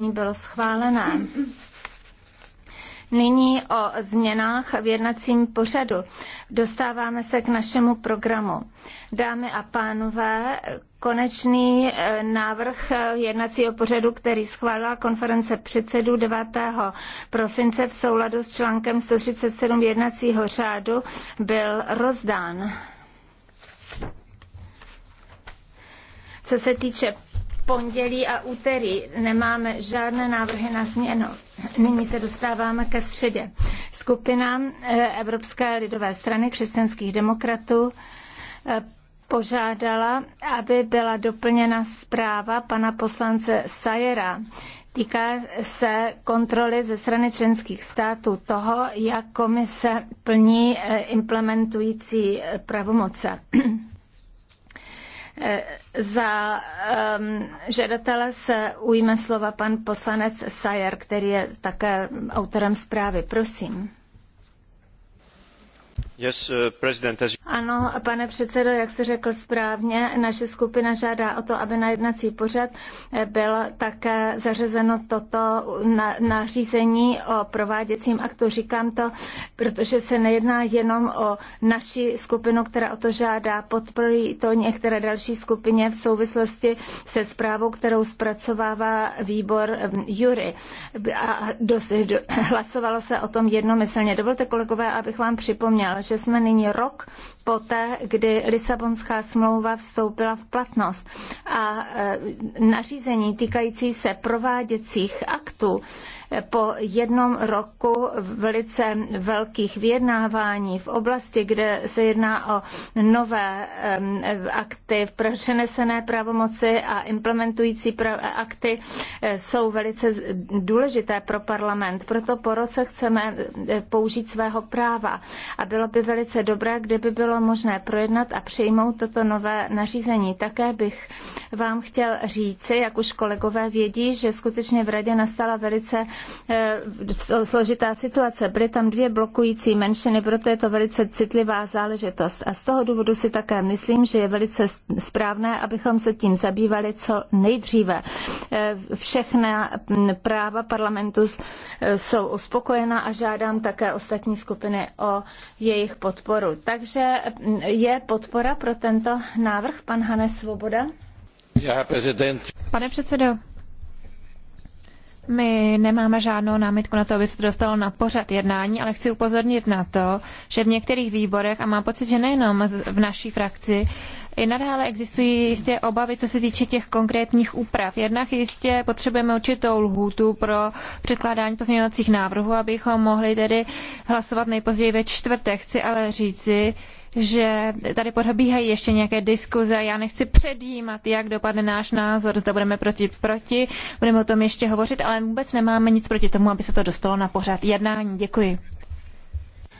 bylo schválené. Nyní o změnách v jednacím pořadu. Dostáváme se k našemu programu. Dámy a pánové, konečný eh, návrh eh, jednacího pořadu, který schválila konference předsedů 9. prosince v souladu s článkem 137 jednacího řádu, byl rozdán. Co se týče pondělí a úterý nemáme žádné návrhy na změnu. Nyní se dostáváme ke středě. Skupina eh, Evropské lidové strany křesťanských demokratů eh, požádala, aby byla doplněna zpráva pana poslance Sajera. Týká se kontroly ze strany členských států toho, jak komise plní eh, implementující pravomoce. za um, žadatele se ujme slova pan poslanec Sajer, který je také autorem zprávy. Prosím. Yes, uh, ano, pane předsedo, jak jste řekl správně, naše skupina žádá o to, aby na jednací pořad eh, bylo také zařazeno toto nařízení o prováděcím aktu. Říkám to, protože se nejedná jenom o naši skupinu, která o to žádá, podporují to některé další skupině v souvislosti se zprávou, kterou zpracovává výbor eh, Jury. A dos, hlasovalo se o tom jednomyslně. Dovolte, kolegové, abych vám připomněla že jsme nyní rok poté, kdy Lisabonská smlouva vstoupila v platnost. A e, nařízení týkající se prováděcích aktů e, po jednom roku velice velkých vyjednávání v oblasti, kde se jedná o nové e, akty v přenesené pravomoci a implementující akty jsou velice důležité pro parlament. Proto po roce chceme použít svého práva a bylo by by velice dobré, kdyby bylo možné projednat a přijmout toto nové nařízení. Také bych vám chtěl říci, jak už kolegové vědí, že skutečně v radě nastala velice eh, složitá situace. Byly tam dvě blokující menšiny, proto je to velice citlivá záležitost. A z toho důvodu si také myslím, že je velice správné, abychom se tím zabývali co nejdříve. Eh, všechna mm, práva parlamentu eh, jsou uspokojena a žádám také ostatní skupiny o jejich jejich podporu. Takže mm, je podpora pro tento návrh, pan Hanes Svoboda? Pane předsedo, my nemáme žádnou námitku na to, aby se to dostalo na pořad jednání, ale chci upozornit na to, že v některých výborech, a mám pocit, že nejenom v naší frakci, i nadále existují jistě obavy, co se týče těch konkrétních úprav. Jednak jistě potřebujeme určitou lhůtu pro předkládání pozměňovacích návrhů, abychom mohli tedy hlasovat nejpozději ve čtvrtek. Chci ale říci, že tady probíhají ještě nějaké diskuze. Já nechci předjímat, jak dopadne náš názor, zda budeme proti, proti, budeme o tom ještě hovořit, ale vůbec nemáme nic proti tomu, aby se to dostalo na pořád jednání. Děkuji.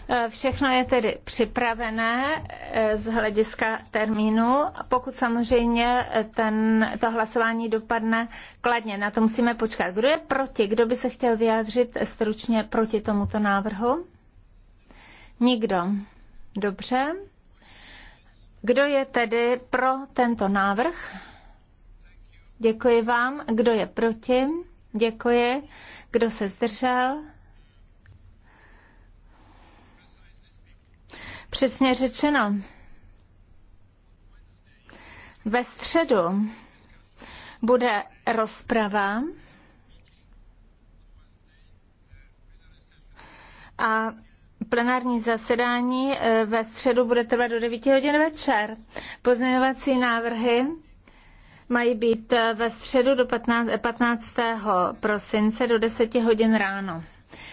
Eh, všechno je tedy připravené eh, z hlediska termínu, pokud samozřejmě eh, ten, to hlasování dopadne kladně. Na to musíme počkat. Kdo je proti? Kdo by se chtěl vyjádřit stručně proti tomuto návrhu? Nikdo. Dobře. Kdo je tedy pro tento návrh? Děkuji vám. Kdo je proti? Děkuji. Kdo se zdržel? Přesně řečeno. Ve středu bude rozprava a plenární zasedání eh, ve středu bude trvat do 9 hodin večer. Pozměňovací návrhy mají být eh, ve středu do 15. 15. Eh, prosince do 10 hodin ráno.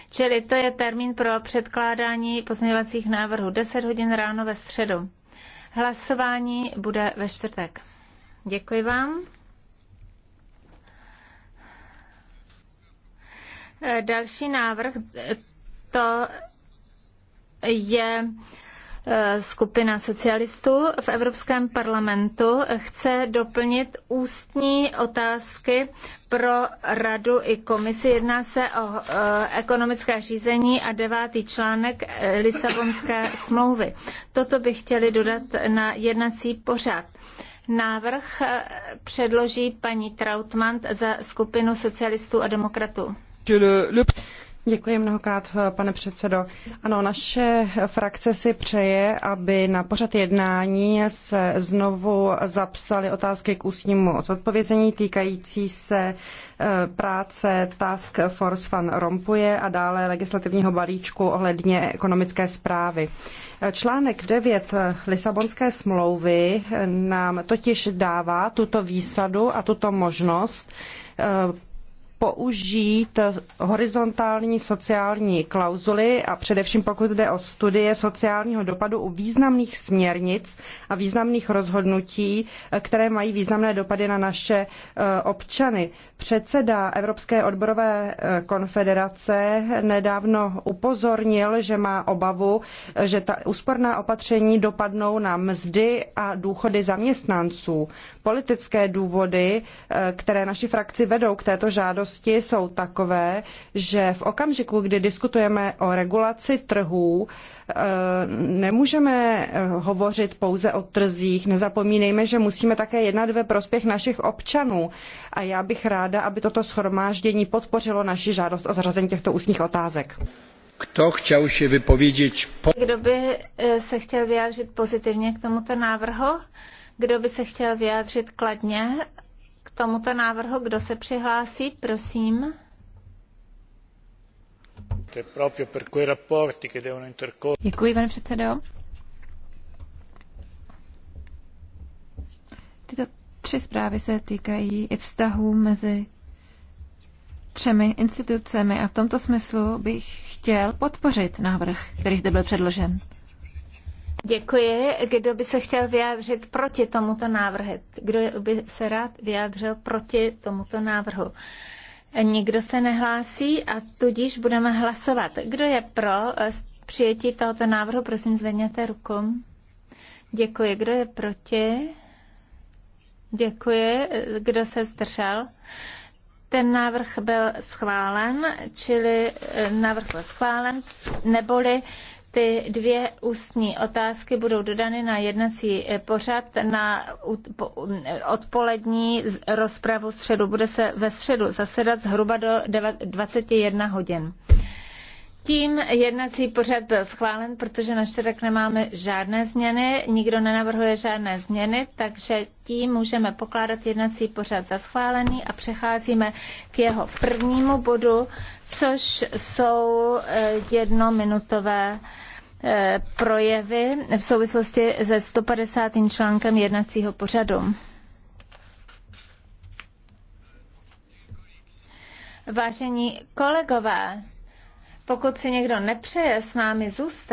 Čili to je termín pro předkládání pozměňovacích návrhů 10 hodin ráno ve středu. Hlasování bude ve čtvrtek. Děkuji vám. Další návrh to je eh, skupina socialistů v Evropském parlamentu chce doplnit ústní otázky pro radu i komisi. Jedná se o eh, ekonomické řízení a devátý článek eh, Lisabonské smlouvy. Toto bych chtěli dodat na jednací pořad. Návrh předloží paní Trautmann za skupinu socialistů a demokratů. Děkuji mnohokrát, pane předsedo. Ano, naše frakce si přeje, aby na pořad jednání se znovu zapsaly otázky k ústnímu zodpovězení týkající se eh, práce Task Force Van Rompuje a dále legislativního balíčku ohledně ekonomické zprávy. Článek 9 Lisabonské smlouvy nám totiž dává tuto výsadu a tuto možnost eh, použít horizontální sociální klauzuly a především pokud jde o studie sociálního dopadu u významných směrnic a významných rozhodnutí, které mají významné dopady na naše eh, občany. Předseda Evropské odborové eh, konfederace nedávno upozornil, že má obavu, že ta úsporná opatření dopadnou na mzdy a důchody zaměstnanců. Politické důvody, eh, které naši frakci vedou k této žádosti, zkušenosti jsou takové, že v okamžiku, kdy diskutujeme o regulaci trhů, eh, nemůžeme eh, hovořit pouze o trzích. Nezapomínejme, že musíme také jednat ve prospěch našich občanů. A já bych ráda, aby toto schromáždění podpořilo naši žádost o zařazení těchto ústních otázek. Kdo chtěl se vypovědět? Po... Kdo by eh, se chtěl vyjádřit pozitivně k tomuto návrhu? Kdo by se chtěl vyjádřit kladně k tomuto návrhu. Kdo se přihlásí, prosím? Děkuji, pane předsedo. Tyto tři zprávy se týkají i vztahů mezi třemi institucemi a v tomto smyslu bych chtěl podpořit návrh, který zde byl předložen. Děkuji. Kdo by se chtěl vyjádřit proti tomuto návrhu? Kdo by se rád vyjádřil proti tomuto návrhu? Nikdo se nehlásí a tudíž budeme hlasovat. Kdo je pro eh, přijetí tohoto návrhu? Prosím, zvedněte ruku. Děkuji. Kdo je proti? Děkuji. Kdo se zdržel? Ten návrh byl schválen, čili eh, návrh byl schválen, neboli ty dvě ústní otázky budou dodány na jednací eh, pořad na odpolední rozpravu středu. Bude se ve středu zasedat zhruba do 21 hodin. Tím jednací pořad byl schválen, protože na čtvrtek nemáme žádné změny, nikdo nenavrhuje žádné změny, takže tím můžeme pokládat jednací pořad za schválený a přecházíme k jeho prvnímu bodu, což jsou eh, jednominutové projevy v souvislosti se 150. článkem jednacího pořadu. Vážení kolegové, pokud si někdo nepřeje s námi zůstat,